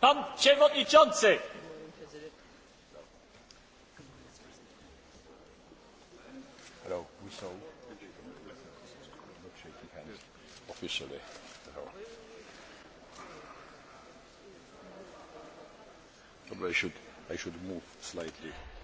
Pan przewodniczący! Hello, we saw not shaking hands officially. Hello. Probably I should I should move slightly.